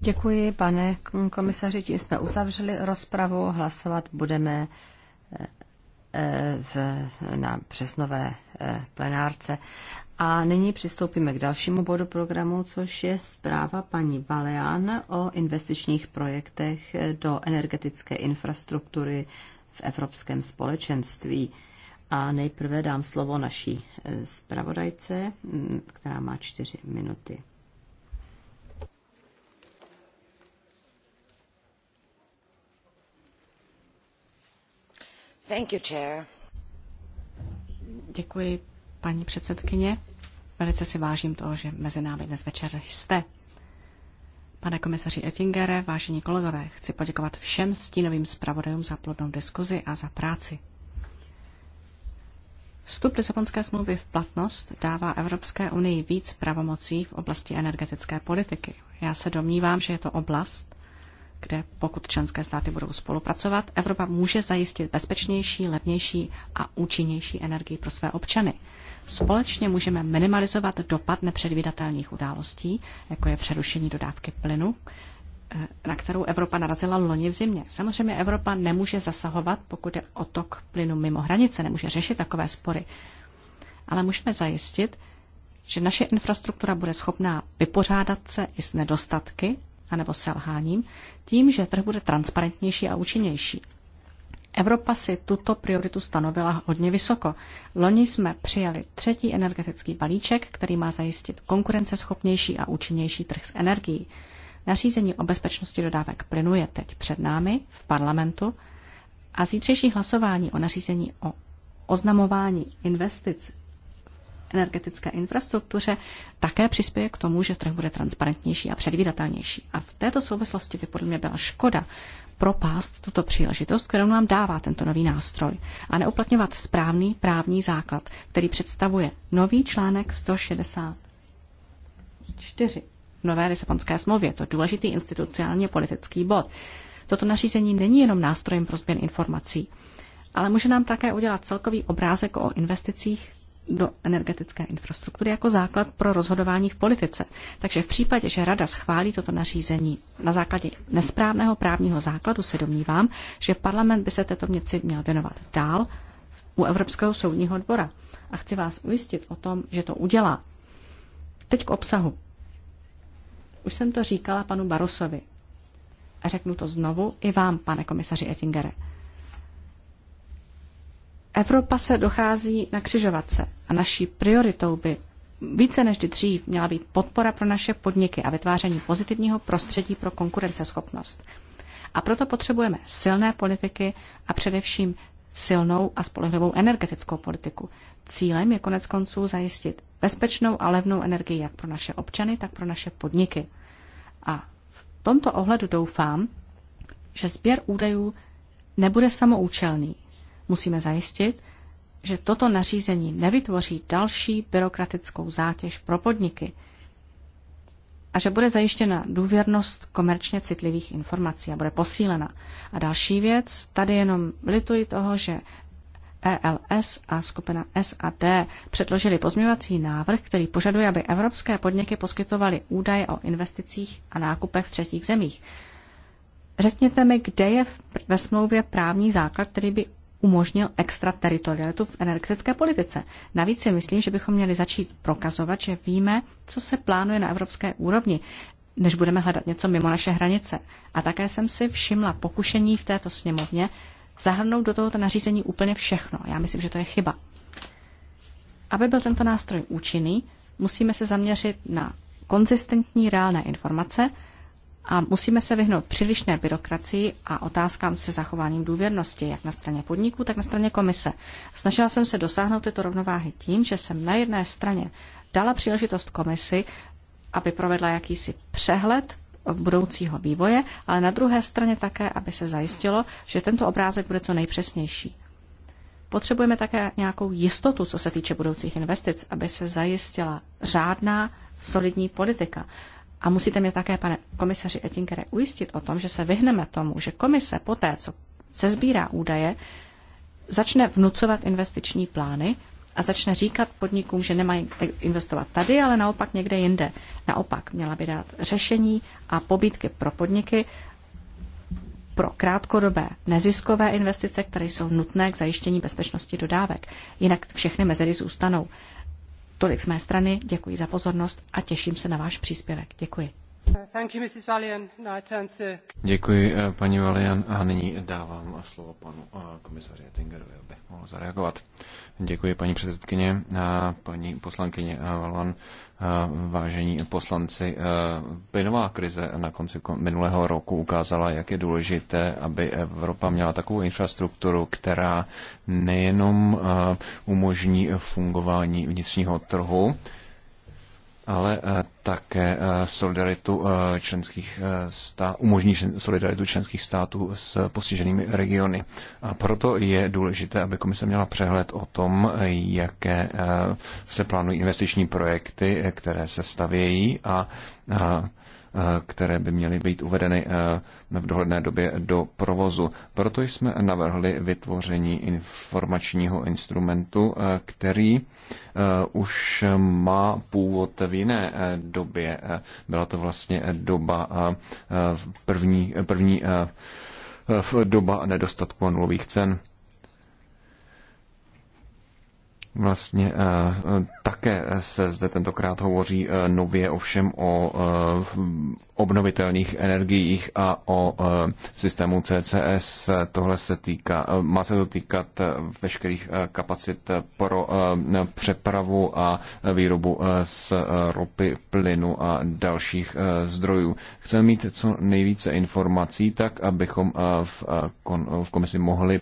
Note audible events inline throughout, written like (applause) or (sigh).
Děkuji, pane komisaři. Tím jsme uzavřeli rozpravu. Hlasovat budeme eh, eh, v, na přesnové eh, plenárce. A nyní přistoupíme k dalšímu bodu programu, což je zpráva paní Baleán o investičních projektech do energetické infrastruktury v Evropském společenství. A nejprve dám slovo naší zpravodajce, mm, která má čtyři minuty. Děkuji, paní předsedkyně. Velice si vážím toho, že mezi námi dnes večer jste. Pane komisaři Ettingere, vážení kolegové, chci poděkovat všem stínovým zpravodajům za plodnou diskuzi a za práci. Vstup Lisabonské smlouvy v platnost dává Evropské unii víc pravomocí v oblasti energetické politiky. Já se domnívám, že je to oblast, kde pokud členské státy budou spolupracovat, Evropa může zajistit bezpečnější, levnější a účinnější energii pro své občany. Společně můžeme minimalizovat dopad nepředvídatelných událostí, jako je přerušení dodávky plynu, eh, na kterou Evropa narazila loni v zimě. Samozřejmě Evropa nemůže zasahovat, pokud je otok plynu mimo hranice, nemůže řešit takové spory. Ale můžeme zajistit, že naše infrastruktura bude schopná vypořádat se i s nedostatky anebo selháním, tím, že trh bude transparentnější a účinnější. Evropa si tuto prioritu stanovila hodně vysoko. Loni jsme přijali třetí energetický balíček, který má zajistit konkurenceschopnější a účinnější trh s energií. Nařízení o bezpečnosti dodávek plynu je teď před námi v parlamentu a zítřejší hlasování o nařízení o oznamování investic energetické infrastruktuře také přispěje k tomu, že trh bude transparentnější a předvídatelnější. A v této souvislosti by podle mě byla škoda propást tuto příležitost, kterou nám dává tento nový nástroj a neuplatňovat správný právní základ, který představuje nový článek 164 v nové Lisabonské smlouvě. Je to důležitý institucionálně politický bod. Toto nařízení není jenom nástrojem pro sběr informací, ale může nám také udělat celkový obrázek o investicích do energetické infrastruktury jako základ pro rozhodování v politice. Takže v případě, že Rada schválí toto nařízení na základě nesprávného právního základu, se domnívám, že parlament by se této věci měl věnovat dál u Evropského soudního dvora. A chci vás ujistit o tom, že to udělá. Teď k obsahu. Už jsem to říkala panu Barosovi. A řeknu to znovu i vám, pane komisaři Ettingere. Evropa se dochází na křižovatce a naší prioritou by více než dřív měla být podpora pro naše podniky a vytváření pozitivního prostředí pro konkurenceschopnost. A proto potřebujeme silné politiky a především silnou a spolehlivou energetickou politiku. Cílem je konec konců zajistit bezpečnou a levnou energii jak pro naše občany, tak pro naše podniky. A v tomto ohledu doufám, že sběr údajů nebude samoučelný, Musíme zajistit, že toto nařízení nevytvoří další byrokratickou zátěž pro podniky a že bude zajištěna důvěrnost komerčně citlivých informací a bude posílena. A další věc, tady jenom lituji toho, že ELS a skupina SAD předložili pozměňovací návrh, který požaduje, aby evropské podniky poskytovaly údaje o investicích a nákupech v třetích zemích. Řekněte mi, kde je ve smlouvě právní základ, který by umožnil extrateritorialitu v energetické politice. Navíc si myslím, že bychom měli začít prokazovat, že víme, co se plánuje na evropské úrovni, než budeme hledat něco mimo naše hranice. A také jsem si všimla pokušení v této sněmovně zahrnout do tohoto nařízení úplně všechno. Já myslím, že to je chyba. Aby byl tento nástroj účinný, musíme se zaměřit na konzistentní reálné informace, a musíme se vyhnout přílišné byrokracii a otázkám se zachováním důvěrnosti, jak na straně podniků, tak na straně komise. Snažila jsem se dosáhnout tyto rovnováhy tím, že jsem na jedné straně dala příležitost komisi, aby provedla jakýsi přehled budoucího vývoje, ale na druhé straně také, aby se zajistilo, že tento obrázek bude co nejpřesnější. Potřebujeme také nějakou jistotu, co se týče budoucích investic, aby se zajistila řádná, solidní politika. A musíte mě také, pane komisaři Etinkere ujistit o tom, že se vyhneme tomu, že komise poté, co se sbírá údaje, začne vnucovat investiční plány a začne říkat podnikům, že nemají investovat tady, ale naopak někde jinde. Naopak měla by dát řešení a pobídky pro podniky, pro krátkodobé neziskové investice, které jsou nutné k zajištění bezpečnosti dodávek. Jinak všechny mezery zůstanou. Tolik z mé strany, děkuji za pozornost a těším se na váš příspěvek. Děkuji. Děkuji, eh, paní Valian. A nyní dávám slovo panu eh, komisaři Ettingerovi, aby mohl zareagovat. Děkuji, paní předsedkyně, a paní poslankyně eh, Valian, vážení poslanci. Plynová krize na konci minulého roku ukázala, jak je důležité, aby Evropa měla takovou infrastrukturu, která nejenom umožní fungování vnitřního trhu, ale eh, také eh, solidaritu eh, členských států, umožní solidaritu členských států s postiženými regiony. A proto je důležité, aby komise měla přehled o tom, jaké se plánují investiční projekty, které se stavějí a Eh, které by měly být uvedeny eh, v dohledné době do provozu. Proto jsme navrhli vytvoření informačního instrumentu, eh, který už má původ v jiné době. Byla to vlastně doba první, první doba nedostatku a nulových cen. Vlastně eh, eh, také se zde tentokrát hovoří eh, nově ovšem o obnovitelných energiích a o systému CCS. Tohle se týká, má se to týkat veškerých kapacit pro přepravu a výrobu z ropy, plynu a dalších zdrojů. Chceme mít co nejvíce informací, tak abychom v komisi mohli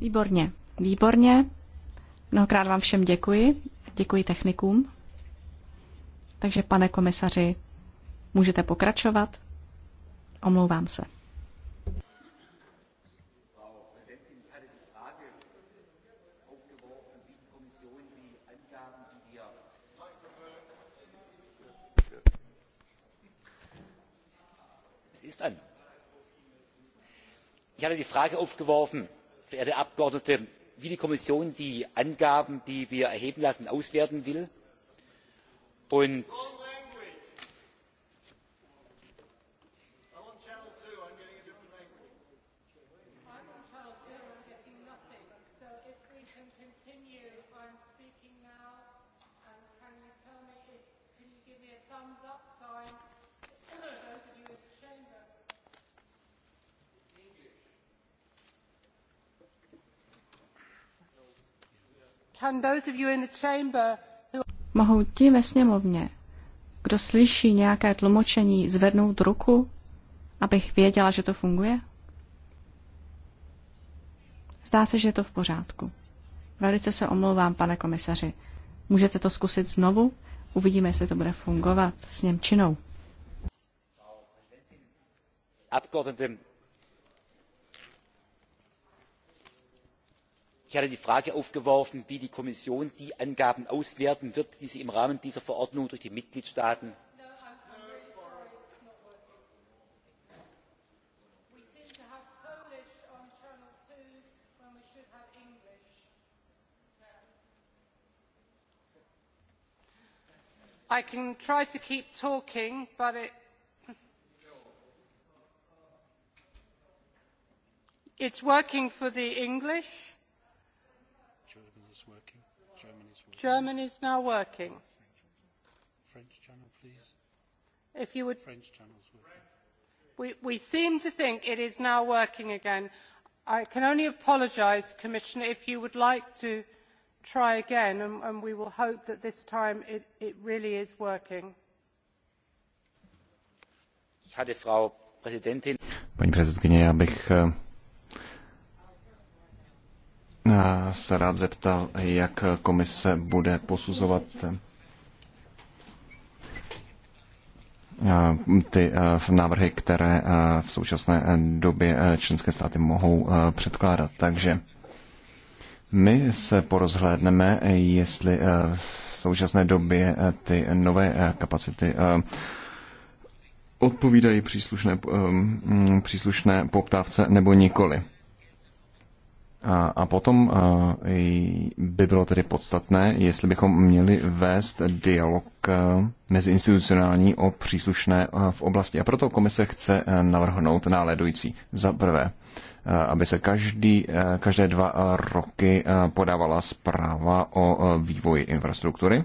Výborně, výborně. Mnohokrát vám všem děkuji. Děkuji technikům. Takže, pane komisaři, můžete pokračovat. Omlouvám se. es ist ein ich hatte die frage aufgeworfen verehrte abgeordnete wie die kommission die angaben die wir erheben lassen auswerten will und Mohou ti ve sněmovně, kdo slyší nějaké tlumočení, zvednout ruku, abych věděla, že to funguje? Zdá se, že je to v pořádku. Velice se omlouvám, pane komisaři. Můžete to zkusit znovu? Uvidíme, jestli to bude fungovat s Němčinou. Abgeordnete, ich hatte die frage aufgeworfen wie die kommission die angaben auswerten wird die sie im rahmen dieser verordnung durch die mitgliedstaaten German is now working. we seem to think it is now working again. I can only apologise, Commissioner, if you would like to try again, and, and we will hope that this time it, it really is working. Paní předsedkyně, já bych eh, se rád zeptal, jak komise bude posuzovat eh, ty eh, návrhy, které eh, v současné době členské státy mohou předkládat. Takže my se porozhlédneme, jestli v současné době ty nové kapacity odpovídají příslušné, příslušné poptávce nebo nikoli. A, a potom by bylo tedy podstatné, jestli bychom měli vést dialog meziinstitucionální o příslušné v oblasti. A proto komise chce navrhnout následující. Za prvé, aby se každý, každé dva roky podávala zpráva o vývoji infrastruktury.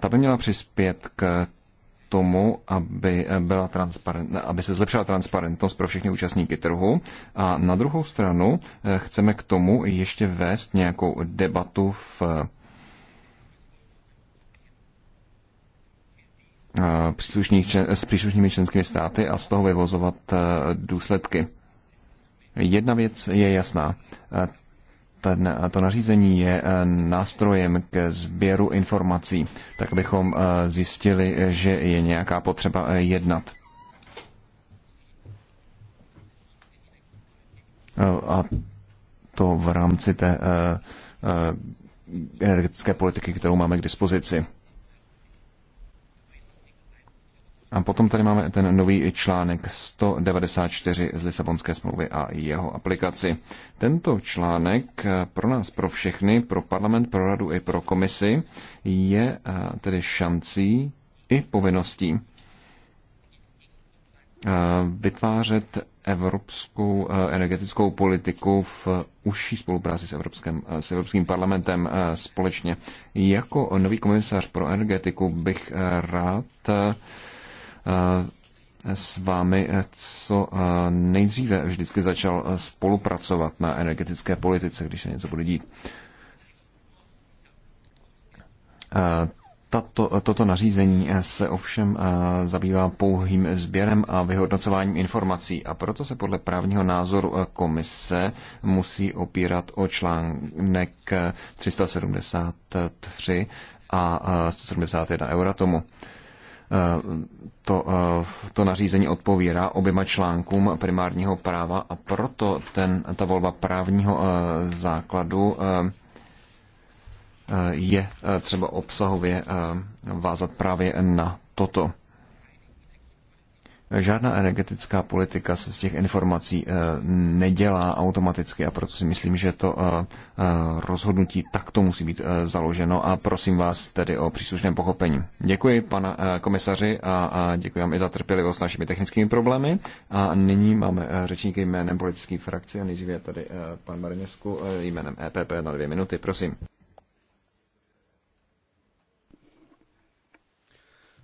Ta by měla přispět k tomu, aby, byla transparent, aby se zlepšila transparentnost pro všechny účastníky trhu. A na druhou stranu eh, chceme k tomu ještě vést nějakou debatu v eh, příslušných, s příslušnými členskými státy a z toho vyvozovat eh, důsledky. Jedna věc je jasná ten, to nařízení je e, nástrojem k sběru informací, tak bychom e, zjistili, že je nějaká potřeba e, jednat. A to v rámci té energetické politiky, kterou máme k dispozici. A potom tady máme ten nový článek 194 z Lisabonské smlouvy a jeho aplikaci. Tento článek eh, pro nás, pro všechny, pro parlament, pro radu i pro komisi je eh, tedy šancí i povinností eh, vytvářet evropskou energetickou politiku v užší spolupráci s, Evropském, s Evropským parlamentem společně. Jako nový komisař pro energetiku bych rád Eh, s vámi eh, co eh, nejdříve vždycky začal spolupracovat na energetické politice, když se něco bude dít. Tato, toto nařízení se ovšem zabývá pouhým sběrem a vyhodnocováním informací a proto se podle právního názoru komise musí opírat o článek 373 a 171 Euratomu. tomu to, eh, to nařízení odpovídá oběma článkům primárního práva a proto ten, ta volba právního eh, základu eh, je třeba obsahově vázat právě na toto. Žádná energetická politika se z těch informací eh, nedělá automaticky a proto si myslím, že to eh, eh, rozhodnutí takto musí být založeno a prosím vás tedy o příslušném pochopení. Děkuji pana komisaři a děkuji vám i za trpělivost s našimi technickými problémy a nyní máme řečníky jménem politické frakce a nejdříve je tady pan Marinesku jménem EPP na dvě minuty, prosím.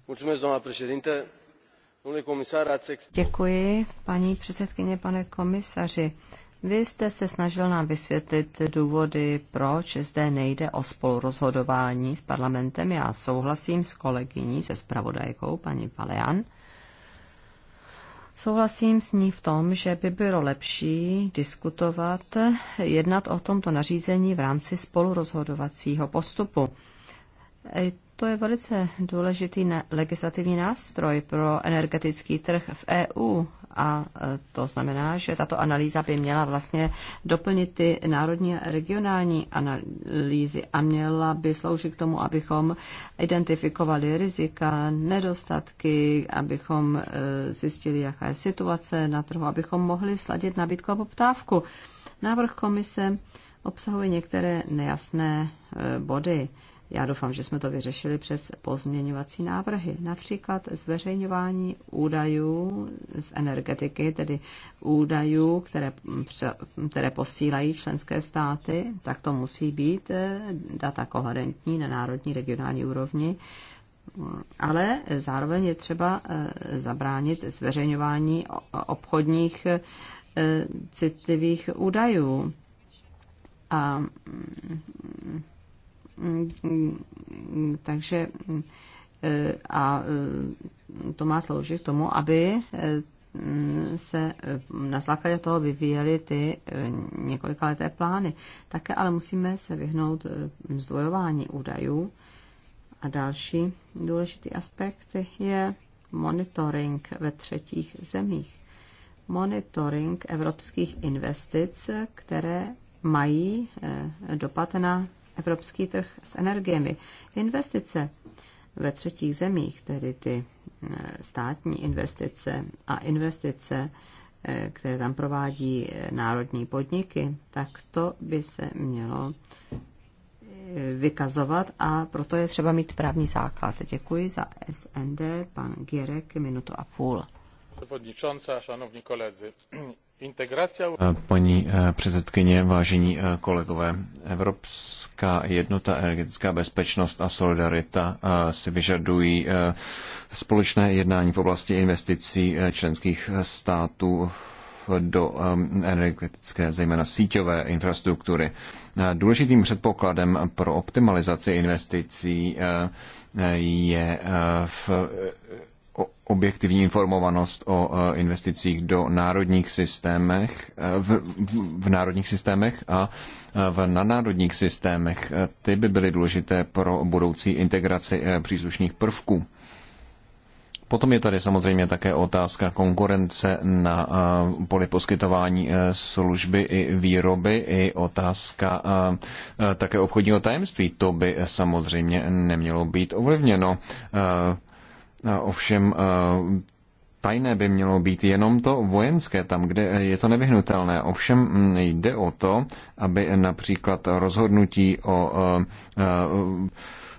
Mulțumesc, doamna președinte. Děkuji, paní předsedkyně, pane komisaři. Vy jste se snažil nám vysvětlit důvody, proč zde nejde o spolurozhodování s parlamentem. Já souhlasím s kolegyní, se spravodajkou, paní Palean. Souhlasím s ní v tom, že by bylo lepší diskutovat, jednat o tomto nařízení v rámci spolurozhodovacího postupu. To je velice důležitý legislativní nástroj pro energetický trh v EU a e, to znamená, že tato analýza by měla vlastně doplnit ty národní a regionální analýzy a měla by sloužit k tomu, abychom identifikovali rizika, nedostatky, abychom e, zjistili, jaká je situace na trhu, abychom mohli sladit nabídku a poptávku. Návrh komise obsahuje některé nejasné e, body. Já doufám, že jsme to vyřešili přes pozměňovací návrhy, například zveřejňování údajů z energetiky, tedy údajů, které, které posílají členské státy, tak to musí být eh, data koherentní na národní, regionální úrovni. Ale zároveň je třeba eh, zabránit zveřejňování obchodních eh, citlivých údajů. A mm, takže a to má sloužit k tomu, aby se na základě toho vyvíjely ty několikaleté plány. Také ale musíme se vyhnout zdvojování údajů. A další důležitý aspekt je monitoring ve třetích zemích. Monitoring evropských investic, které mají eh, dopad na evropský trh s energiemi. Investice ve třetích zemích, tedy ty eh, státní investice a investice, eh, které tam provádí eh, národní podniky, tak to by se mělo vykazovat a proto je třeba mít právní základ. Děkuji za SND, pan Gierek, minutu a půl. Przewodnicząca, szanowni koledzy, Paní eh, předsedkyně, vážení eh, kolegové, Evropská jednota, energetická bezpečnost a solidarita eh, si vyžadují společné jednání v oblasti investicí členských států do energetické, zejména síťové infrastruktury. Důležitým předpokladem pro optimalizaci investicí je v objektivní informovanost o e, investicích do národních systémech, e, v, v národních systémech a e, v nadnárodních systémech. Ty by byly důležité pro budoucí integraci příslušných prvků. Potom je tady samozřejmě také otázka konkurence na poli poskytování služby i výroby, i otázka také obchodního tajemství. To by samozřejmě nemělo být ovlivněno. Ovšem eh, tajné by mělo být jenom to vojenské, tam, kde je to nevyhnutelné. Ovšem mm, jde o to, aby například rozhodnutí o eh, eh,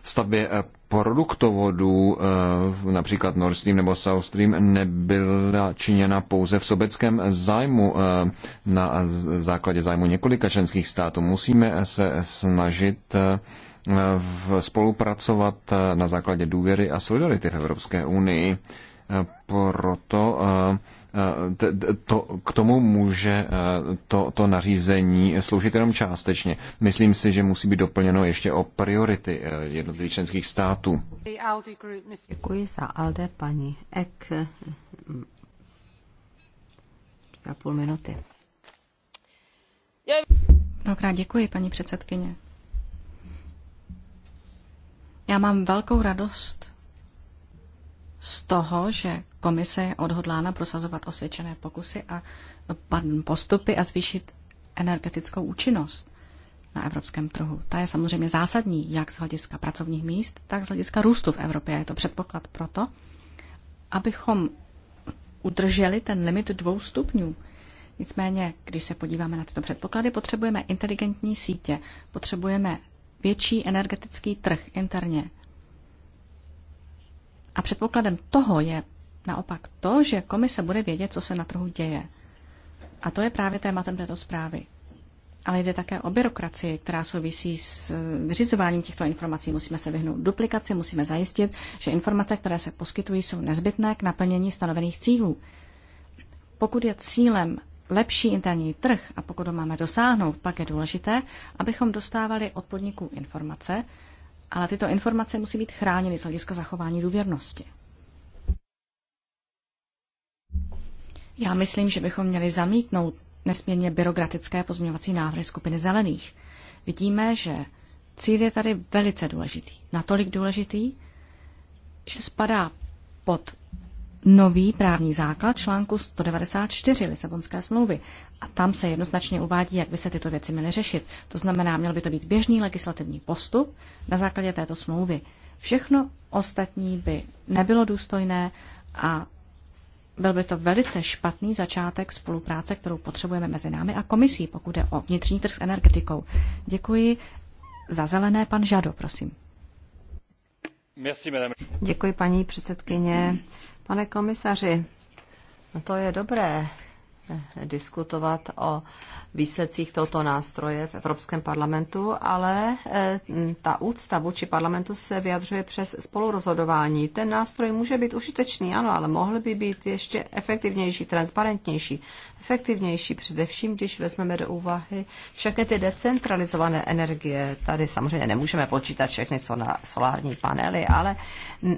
stavbě produktovodů, například Nord Stream nebo South Stream, nebyla činěna pouze v sobeckém zájmu na základě zájmu několika členských států. Musíme se snažit v spolupracovat eh, na základě důvěry a solidarity v Evropské unii. Eh, proto eh, to, k tomu může to, to nařízení sloužit jenom částečně. Myslím si, že musí být doplněno ještě o priority jednotlivých členských států. Děkuji za Alde, paní Ek. Dvě půl minuty. Dokrát děkuji, paní předsedkyně. Já mám velkou radost z toho, že komise je odhodlána prosazovat osvědčené pokusy a postupy a zvýšit energetickou účinnost na evropském trhu. Ta je samozřejmě zásadní, jak z hlediska pracovních míst, tak z hlediska růstu v Evropě. Je to předpoklad proto, abychom udrželi ten limit dvou stupňů. Nicméně, když se podíváme na tyto předpoklady, potřebujeme inteligentní sítě, potřebujeme větší energetický trh interně. A předpokladem toho je naopak to, že komise bude vědět, co se na trhu děje. A to je právě tématem této zprávy. Ale jde také o byrokracii, která souvisí s eh, vyřizováním těchto informací. Musíme se vyhnout duplikaci, musíme zajistit, že informace, které se poskytují, jsou nezbytné k naplnění stanovených cílů. Pokud je cílem lepší interní trh a pokud ho máme dosáhnout, pak je důležité, abychom dostávali od podniků informace, ale tyto informace musí být chráněny z hlediska zachování důvěrnosti. Já myslím, že bychom měli zamítnout nesmírně byrokratické pozměňovací návrhy skupiny zelených. Vidíme, že cíl je tady velice důležitý. Natolik důležitý, že spadá pod nový právní základ článku 194 Lisabonské smlouvy. A tam se jednoznačně uvádí, jak by se tyto věci měly řešit. To znamená, měl by to být běžný legislativní postup na základě této smlouvy. Všechno ostatní by nebylo důstojné a byl by to velice špatný začátek spolupráce, kterou potřebujeme mezi námi a komisí, pokud jde o vnitřní trh s energetikou. Děkuji. Za zelené pan Žado, prosím. Děkuji, paní předsedkyně. Pane komisaři, no to je dobré, diskutovat o výsledcích tohoto nástroje v Evropském parlamentu, ale e, ta úcta vůči parlamentu se vyjadřuje přes spolurozhodování. Ten nástroj může být užitečný, ano, ale mohl by být ještě efektivnější, transparentnější, efektivnější, především když vezmeme do úvahy všechny ty decentralizované energie. Tady samozřejmě nemůžeme počítat všechny solární panely, ale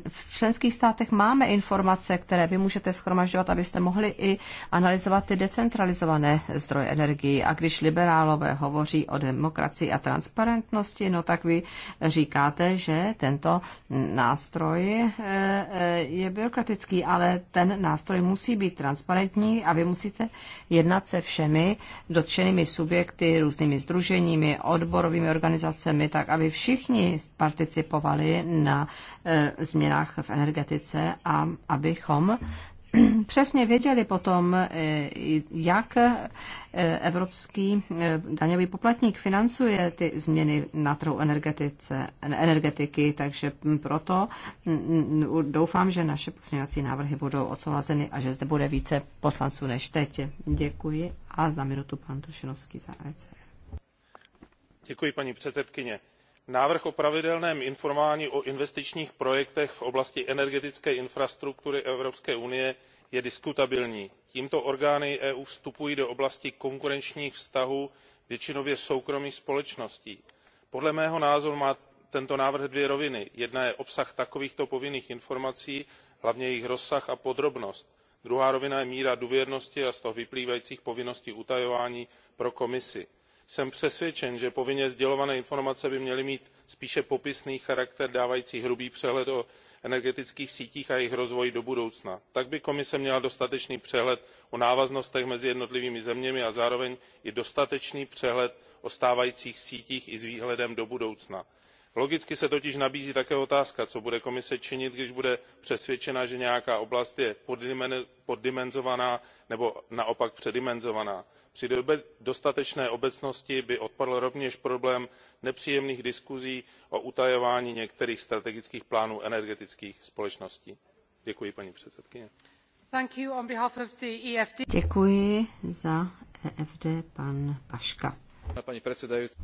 v členských státech máme informace, které vy můžete schromažďovat, abyste mohli i analyzovat ty decentralizované zdroje energii. A když liberálové hovoří o demokracii a transparentnosti, no tak vy říkáte, že tento nástroj eh, eh, je byrokratický, ale ten nástroj musí být transparentní a vy musíte jednat se všemi dotčenými subjekty, různými združeními, odborovými organizacemi, tak aby všichni participovali na eh, změnách v energetice a abychom (clears throat) přesně věděli potom, e, jak e, evropský e, daňový poplatník financuje ty změny na trhu energetiky, takže proto doufám, že naše pozměňovací návrhy budou odsouhlaseny a že zde bude více poslanců než teď. Děkuji a za minutu pan Tošinovský za ECR. Děkuji paní předsedkyně návrh o pravidelném informování o investičních projektech v oblasti energetické infrastruktury evropské unie je diskutabilní. tímto orgány eu vstupují do oblasti konkurenčních vztahů většinově soukromých společností. podle mého názoru má tento návrh dvě roviny jedna je obsah takovýchto povinných informací hlavně jejich rozsah a podrobnost druhá rovina je míra důvěrnosti a z toho vyplývajících povinností utajování pro komisi jsem přesvědčen že povinně sdělované informace by měly mít spíše popisný charakter dávající hrubý přehled o energetických sítích a jejich rozvoji do budoucna. tak by komise měla dostatečný přehled o návaznostech mezi jednotlivými zeměmi a zároveň i dostatečný přehled o stávajících sítích i s výhledem do budoucna. logicky se totiž nabízí také otázka co bude komise činit když bude přesvědčena že nějaká oblast je poddimenzovaná nebo naopak předimenzovaná při dostatečné obecnosti by odpadl rovněž problém nepříjemných diskusí o utajování některých strategických plánů energetických společností. děkuji paní předsedkyně. E děkuji za EFD, předsedající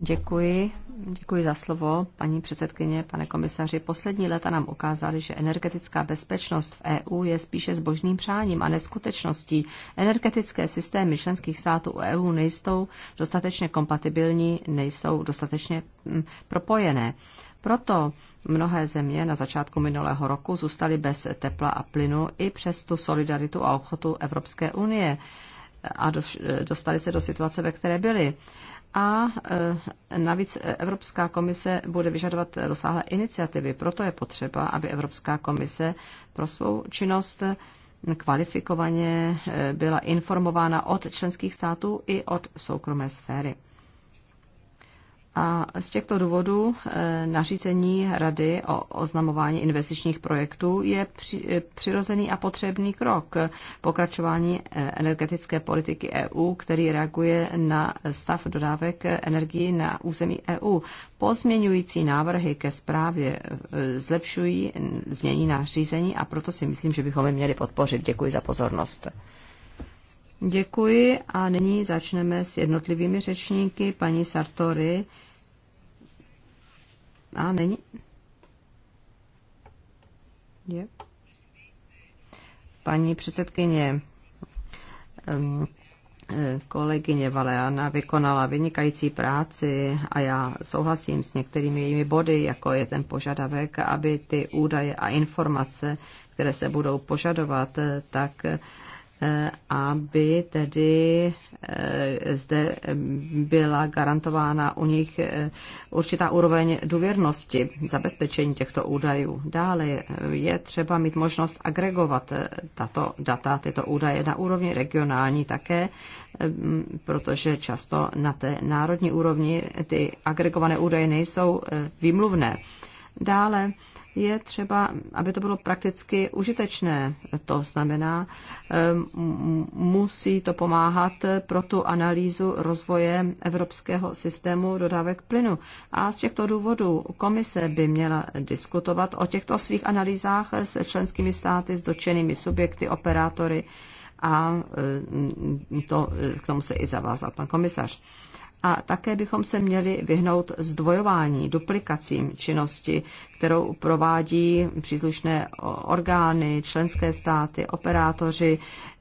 Děkuji. Děkuji za slovo, paní předsedkyně, pane komisaři. Poslední léta nám ukázaly, že energetická bezpečnost v EU je spíše zbožným přáním a neskutečností. Energetické systémy členských států EU nejsou dostatečně kompatibilní, nejsou dostatečně hm, propojené. Proto mnohé země na začátku minulého roku zůstaly bez tepla a plynu i přes tu solidaritu a ochotu Evropské unie a dostali se do situace, ve které byli a e, navíc e, Evropská komise bude vyžadovat rozsáhlé iniciativy. Proto je potřeba, aby Evropská komise pro svou činnost kvalifikovaně e, byla informována od členských států i od soukromé sféry. A z těchto důvodů eh, nařízení Rady o oznamování investičních projektů je eh, přirozený a potřebný krok pokračování eh, energetické politiky EU, který reaguje na stav dodávek energii na území EU. Pozměňující návrhy ke zprávě zlepšují znění nařízení a proto si myslím, že bychom je měli podpořit. Děkuji za pozornost. Děkuji a nyní začneme s jednotlivými řečníky. Paní Sartori a není? Je. Paní předsedkyně, e, kolegyně Valeana vykonala vynikající práci a já souhlasím s některými jejími body, jako je ten požadavek, aby ty údaje a informace, které se budou požadovat, e, tak Eh, aby tedy eh, zde byla garantována u nich eh, určitá úroveň důvěrnosti zabezpečení těchto údajů. Dále je třeba mít možnost agregovat tato data, tyto údaje na úrovni regionální také, protože často na té národní úrovni ty agregované údaje nejsou výmluvné. Dále je třeba, aby to bylo prakticky užitečné. To znamená, ehm, musí to pomáhat pro tu analýzu rozvoje evropského systému dodávek plynu. A z těchto důvodů komise by měla diskutovat o těchto svých analýzách s členskými státy, s dočenými subjekty, operátory a ehm, to, k tomu se i zavázal pan komisař a také bychom se měli vyhnout zdvojování, duplikacím činnosti, kterou provádí příslušné orgány, členské státy, operátoři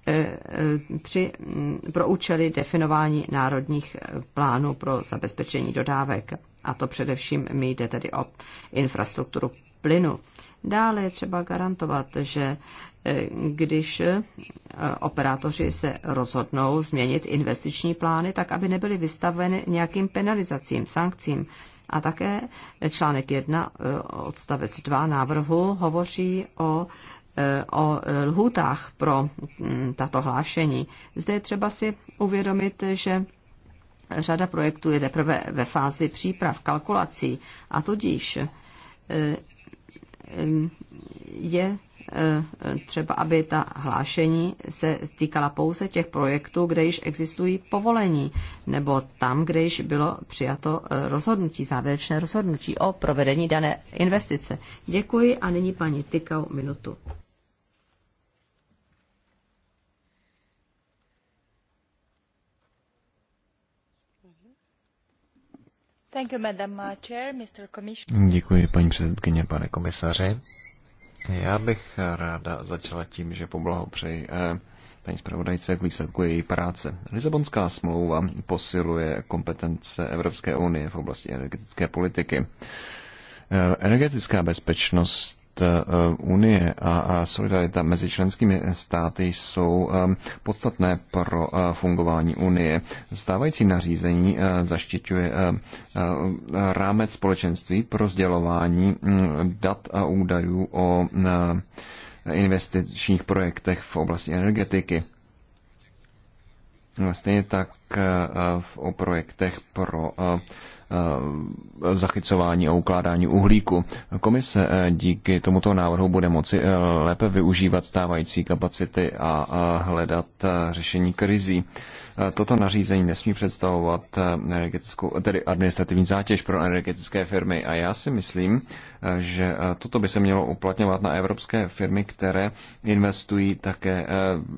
eh, eh, při, mm, pro účely definování národních eh, plánů pro zabezpečení dodávek. A to především mi jde tedy o infrastrukturu plynu. Dále je třeba garantovat, že když e, operátoři se rozhodnou změnit investiční plány, tak aby nebyly vystaveny nějakým penalizacím, sankcím. A také článek 1 e, odstavec 2 návrhu hovoří o e, o lhůtách pro tato hlášení. Zde je třeba si uvědomit, že řada projektů je teprve ve fázi příprav, kalkulací a tudíž je Eh, třeba aby ta hlášení se týkala pouze těch projektů, kde již existují povolení, nebo tam, kde již bylo přijato eh, rozhodnutí, závěrečné rozhodnutí o provedení dané investice. Děkuji a nyní paní Tykau minutu. Uh, Děkuji, paní předsedkyně, pane komisaři. Já bych ráda začala tím, že poblahopřeji eh, paní zpravodajce k výsledku její práce. Lisabonská smlouva posiluje kompetence Evropské unie v oblasti energetické politiky. Eh, energetická bezpečnost Eh, Unie a solidarita mezi členskými státy jsou eh, podstatné pro eh, fungování Unie. Stávající nařízení zaštiťuje rámec společenství pro sdělování mm, dat a údajů o investičních projektech v oblasti energetiky. Stejně tak o projektech pro Eh, zachycování a ukládání uhlíku. Komise eh, díky tomuto návrhu bude moci eh, lépe využívat stávající kapacity a hledat řešení krizí. Toto nařízení nesmí představovat energetickou, tedy administrativní zátěž pro energetické firmy a já si myslím, že eh, toto by se mělo uplatňovat na evropské firmy, které investují také eh,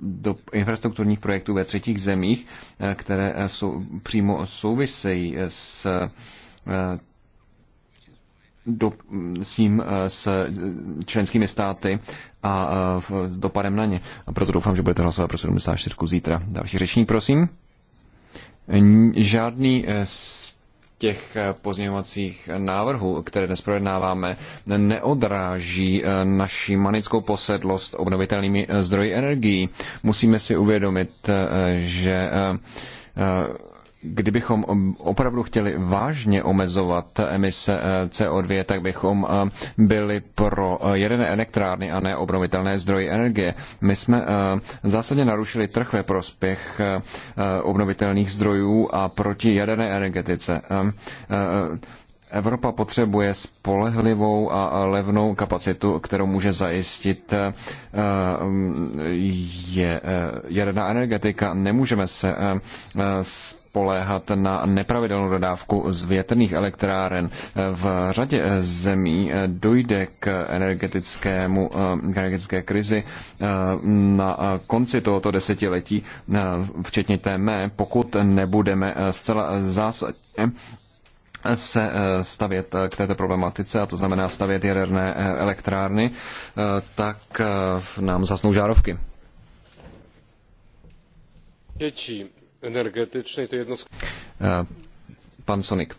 do infrastrukturních projektů ve třetích zemích, eh, které jsou, přímo souvisejí s do, s ním, s členskými státy a s dopadem na ně. A proto doufám, že budete hlasovat pro 74 zítra. Další řečník, prosím. Žádný z těch eh, pozměňovacích návrhů, které dnes projednáváme, neodráží eh, naši manickou posedlost obnovitelnými eh, zdroji energií. Musíme si uvědomit, že kdybychom um, opravdu chtěli vážně omezovat emise eh, CO2, tak bychom eh, byli pro eh, jedné elektrárny a ne obnovitelné zdroje energie. My jsme zásadně narušili trh ve prospěch obnovitelných zdrojů a proti jaderné energetice. Evropa potřebuje spolehlivou a levnou kapacitu, kterou může zajistit je jaderná energetika. Nemůžeme se spoléhat na nepravidelnou dodávku z větrných elektráren. V řadě zemí dojde k energetickému, k eh, energetické krizi eh, na konci tohoto desetiletí, eh, včetně té mé, pokud nebudeme zcela zásadně se stavět k této problematice, a to znamená stavět jaderné elektrárny, tak nám zasnou žárovky energetičný, to jedno z... Eh, pan Sonik.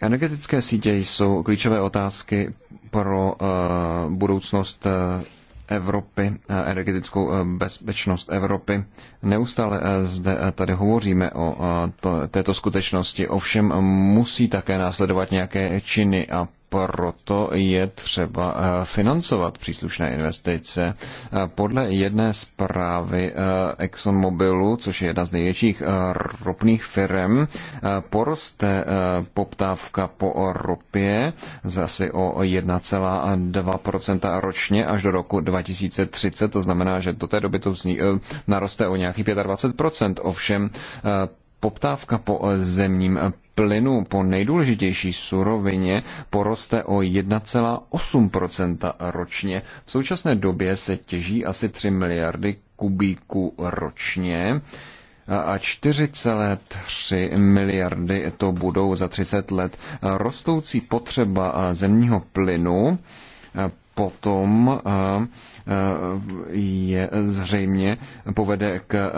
Energetické sítě jsou klíčové otázky pro eh, budoucnost eh, Evropy, energetickou bezpečnost Evropy. Neustále zde tady hovoříme o to, této skutečnosti, ovšem musí také následovat nějaké činy a proto je třeba eh, financovat příslušné investice. Eh, podle jedné zprávy eh, ExxonMobilu, což je jedna z největších ropných firm, poroste poptávka po ropě zase o 1,2% ročně až do roku 2030. To znamená, že do té doby to vzní, naroste o nějakých 25%. Ovšem poptávka po zemním plynu po nejdůležitější surovině poroste o 1,8 ročně. V současné době se těží asi 3 miliardy kubíků ročně a 4,3 miliardy to budou za 30 let. Rostoucí potřeba zemního plynu potom je zřejmě povede k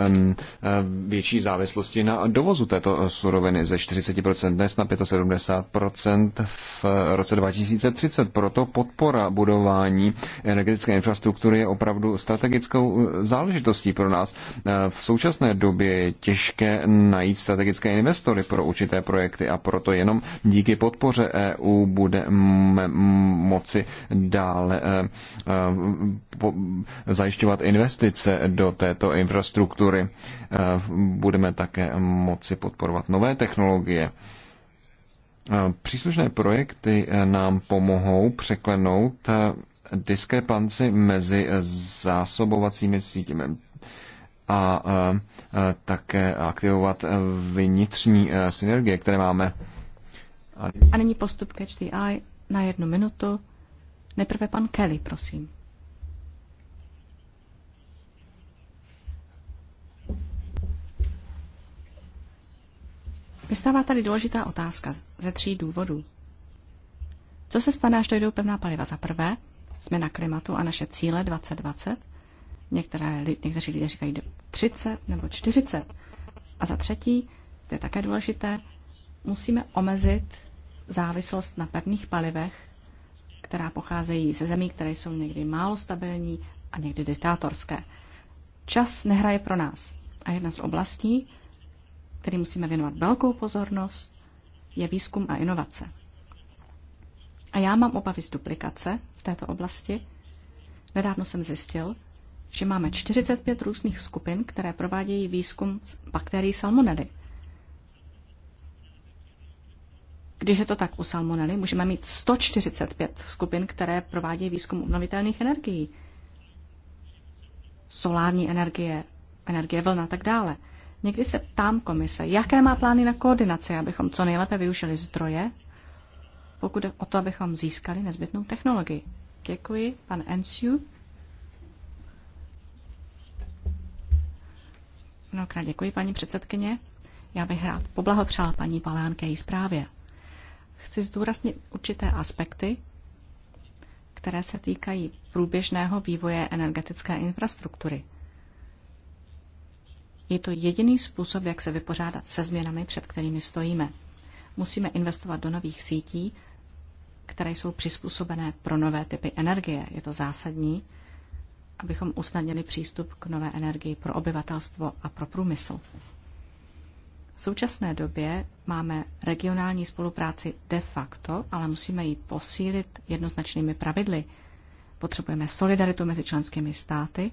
větší závislosti na dovozu této suroviny ze 40% dnes na 75% v roce 2030. Proto podpora budování energetické infrastruktury je opravdu strategickou záležitostí pro nás. E, v současné době je těžké najít strategické investory pro určité projekty a proto jenom díky podpoře EU budeme moci dále e, e, zajišťovat investice do této infrastruktury. Eh, budeme také moci podporovat nové technologie. Eh, příslušné projekty eh, nám pomohou překlenout diskrepanci mezi zásobovacími sítěmi a také aktivovat vnitřní synergie, které máme. A nyní postup the Eye na jednu minutu. Nejprve pan Kelly, prosím. Vystává tady důležitá otázka ze tří důvodů. Co se stane, až dojdou pevná paliva? Za prvé, jsme na klimatu a naše cíle 2020. Některé, někteří lidé říkají 30 nebo 40. A za třetí, to je také důležité, musíme omezit závislost na pevných palivech, která pocházejí ze zemí, které jsou někdy málo stabilní a někdy diktátorské. Čas nehraje pro nás. A jedna z oblastí, který musíme věnovat velkou pozornost, je výzkum a inovace. A já mám obavy z duplikace v této oblasti. Nedávno jsem zjistil, že máme 45 různých skupin, které provádějí výzkum bakterií salmonely. Když je to tak u salmonely, můžeme mít 145 skupin, které provádějí výzkum obnovitelných energií. Solární energie, energie vlna a tak dále. Někdy se ptám komise, jaké má plány na koordinaci, abychom co nejlépe využili zdroje, pokud o to, abychom získali nezbytnou technologii. Děkuji, pan Ensiu. Mnohokrát děkuji, paní předsedkyně. Já bych rád poblahopřál paní Palán k její zprávě. Chci zdůraznit určité aspekty, které se týkají průběžného vývoje energetické infrastruktury – je to jediný způsob, jak se vypořádat se změnami, před kterými stojíme. Musíme investovat do nových sítí, které jsou přizpůsobené pro nové typy energie. Je to zásadní, abychom usnadnili přístup k nové energii pro obyvatelstvo a pro průmysl. V současné době máme regionální spolupráci de facto, ale musíme ji posílit jednoznačnými pravidly. Potřebujeme solidaritu mezi členskými státy,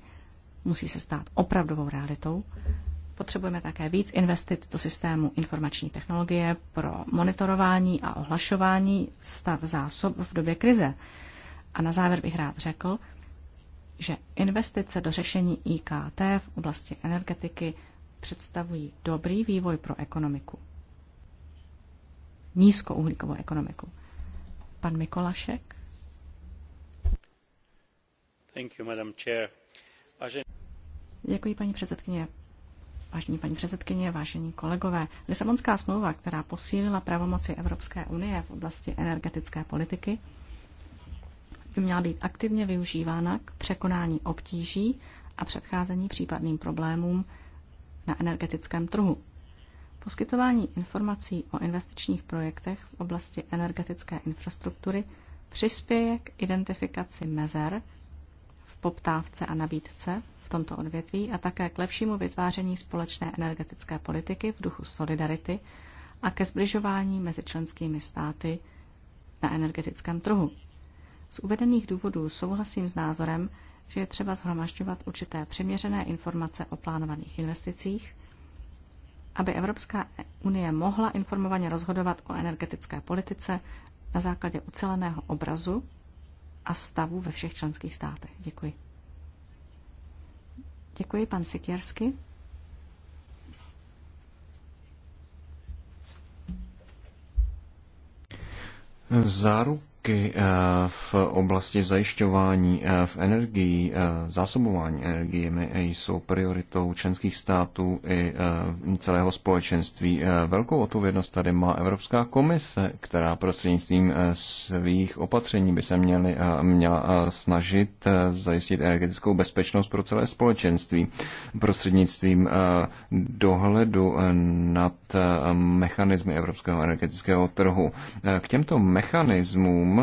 musí se stát opravdovou realitou Potřebujeme také víc investic do systému informační technologie pro monitorování a ohlašování stav zásob v době krize. A na závěr bych rád řekl, že investice do řešení IKT v oblasti energetiky představují dobrý vývoj pro ekonomiku. Nízkouhlíkovou ekonomiku. Pan Mikolašek. Thank you, madam chair. Děkuji, paní předsedkyně. Vážení paní předsedkyně, vážení kolegové, Lisabonská smlouva, která posílila pravomoci Evropské unie v oblasti energetické politiky, by měla být aktivně využívána k překonání obtíží a předcházení případným problémům na energetickém trhu. Poskytování informací o investičních projektech v oblasti energetické infrastruktury přispěje k identifikaci mezer, poptávce a nabídce v tomto odvětví a také k lepšímu vytváření společné energetické politiky v duchu solidarity a ke zbližování mezi členskými státy na energetickém trhu. Z uvedených důvodů souhlasím s názorem, že je třeba zhromažďovat určité přiměřené informace o plánovaných investicích, aby Evropská unie mohla informovaně rozhodovat o energetické politice na základě uceleného obrazu a stavu ve všech členských státech. Děkuji. Děkuji, pan Sikiersky. Záruka kroky eh, v oblasti zajišťování eh, v energii eh, zásobování energiemi jsou prioritou členských států i celého společenství. Velkou odpovědnost tady má Evropská komise, která prostřednictvím svých opatření by se měly, měla snažit zajistit energetickou bezpečnost pro celé společenství prostřednictvím dohledu nad mechanizmy evropského energetického trhu. K těmto mechanismům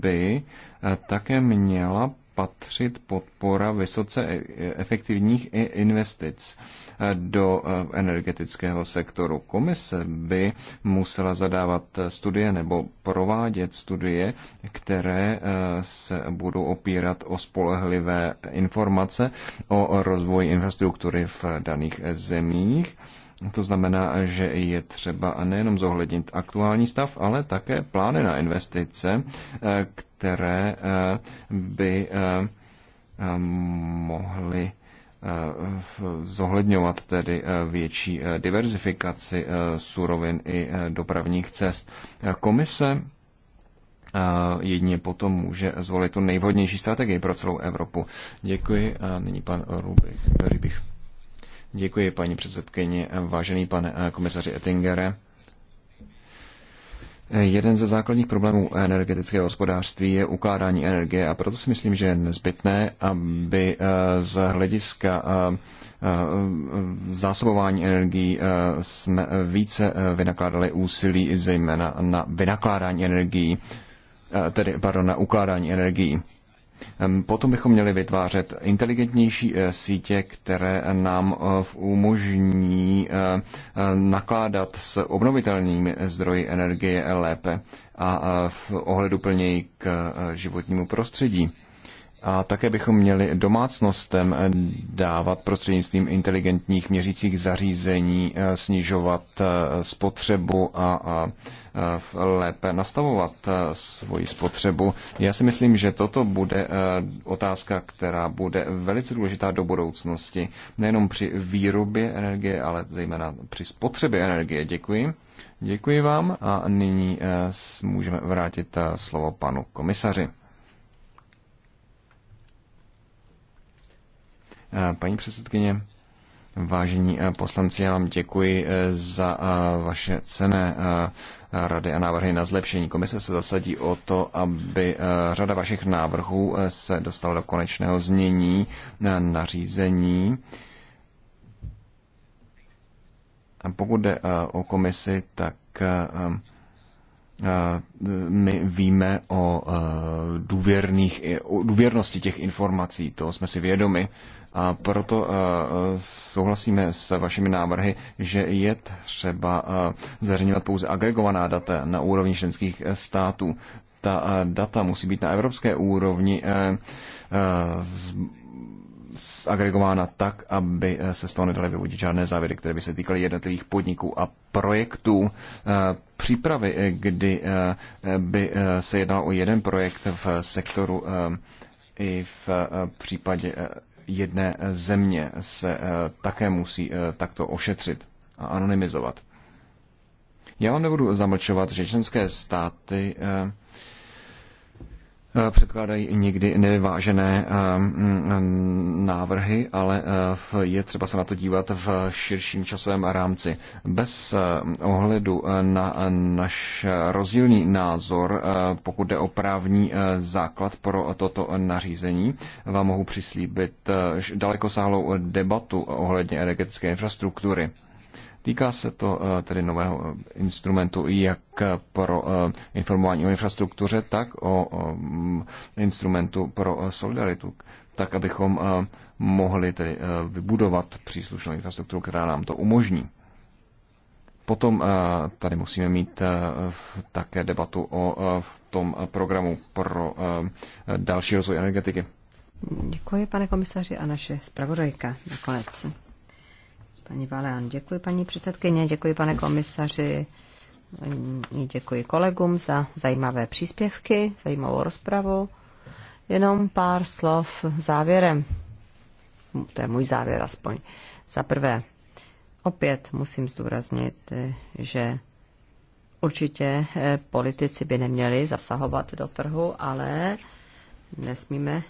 by eh, také měla patřit podpora vysoce e, e, efektivních investic eh, do eh, energetického sektoru. Komise by musela zadávat studie nebo provádět studie, které se budou opírat o spolehlivé informace o rozvoji infrastruktury v daných zemích to znamená, že je třeba nejenom zohlednit aktuální stav, ale také plány na investice, eh, které eh, by eh, mohly zohledňovat tedy větší diverzifikaci surovin i dopravních cest. Komise jedině potom může zvolit tu nejvhodnější strategii pro celou Evropu. Děkuji a nyní pan Rubich. Rybich. Děkuji, paní předsedkyně, vážený pane eh, komisaři Ettingere. Eh, jeden ze základních problémů energetického hospodářství je ukládání energie a proto si myslím, že je nezbytné, aby eh, z hlediska zásobování energií jsme více vynakládali úsilí zejména na vynakládání energií, tedy pardon, na ukládání energií. Potom bychom měli vytvářet inteligentnější eh, sítě, které eh, nám eh, umožní nakládat s obnovitelnými zdroji energie lépe a v ohledu plněji k životnímu prostředí. A také bychom měli domácnostem dávat prostřednictvím inteligentních měřících zařízení, eh, snižovat eh, spotřebu a lépe nastavovat eh, svoji spotřebu. Já si myslím, že toto bude otázka, která bude velice důležitá do budoucnosti. Nejenom při výrobě energie, ale zejména při spotřebě energie. Děkuji. Děkuji vám a nyní můžeme vrátit slovo panu komisaři. Eh, paní předsedkyně, vážení eh, poslanci, já vám děkuji eh, za vaše cené rady a návrhy na zlepšení. Komise se zasadí o to, aby řada vašich návrhů se dostala do konečného znění nařízení. A Pokud jde o komisi, tak my víme o důvěrných, o důvěrnosti těch informací, to jsme si vědomi. A proto eh, souhlasíme s vašimi návrhy, že je třeba eh, zveřejňovat pouze agregovaná data na úrovni členských eh, států. Ta data musí být na evropské úrovni zagregována tak, aby se z toho nedaly vyvodit žádné závěry, které by se týkaly jednotlivých podniků a projektů. Přípravy, kdy by se jednalo o jeden projekt v sektoru i v případě jedné eh, země se eh, také musí eh, takto ošetřit a anonymizovat. Já vám nebudu zamlčovat, že členské státy Eh, předkládají někdy nevyvážené eh, návrhy, ale eh, je třeba se na to dívat v širším časovém rámci. Bez ohledu na náš rozdílný názor, pokud jde o právní základ pro toto nařízení, vám mohu přislíbit dalekosáhlou debatu ohledně energetické infrastruktury. Týká se to eh, tedy nového eh, instrumentu jak pro eh, informování o infrastruktuře, tak o instrumentu pro solidaritu, tak abychom mohli tedy vybudovat příslušnou infrastrukturu, která nám to umožní. Potom tady musíme mít také debatu o tom programu pro další rozvoj energetiky. Děkuji, pane komisaři, a naše zpravodajka nakonec. Paní Valean, děkuji paní předsedkyně, děkuji pane komisaři, děkuji kolegům za zajímavé příspěvky, zajímavou rozpravu. Jenom pár slov závěrem. To je můj závěr aspoň. Za prvé, opět musím zdůraznit, že určitě eh, politici by neměli zasahovat do trhu, ale nesmíme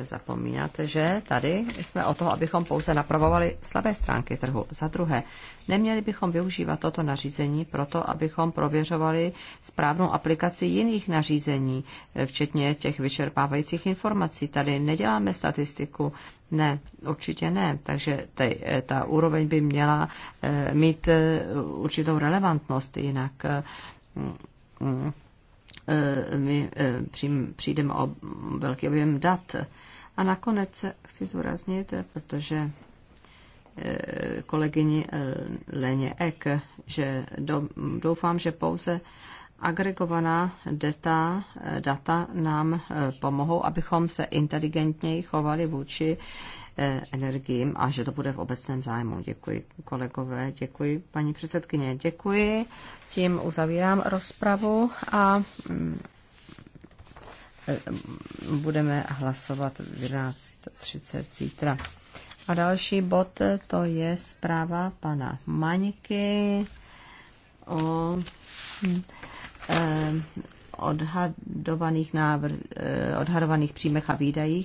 zapomínat, že tady jsme o toho, abychom pouze napravovali slabé stránky trhu. Za druhé, neměli bychom využívat toto nařízení proto, abychom prověřovali správnou aplikaci jiných nařízení, včetně těch vyčerpávajících informací. Tady neděláme statistiku, ne, určitě ne. Takže tady, ta úroveň by měla eh, mít eh, určitou relevantnost, jinak mm, mm, Eh, my eh, přijdeme o velký objem dat. A nakonec chci zúraznit, eh, protože kolegyni Leně Ek, že doufám, že pouze agregovaná data, data nám pomohou, abychom se inteligentněji chovali vůči Eh, energiím a že to bude v obecném zájmu. Děkuji kolegové, děkuji paní předsedkyně, děkuji. Tím uzavírám rozpravu a mm, eh, budeme hlasovat v 11.30 zítra. A další bod eh, to je zpráva pana Maňky o odhadovaných, návr, odhadovaných příjmech a výdajích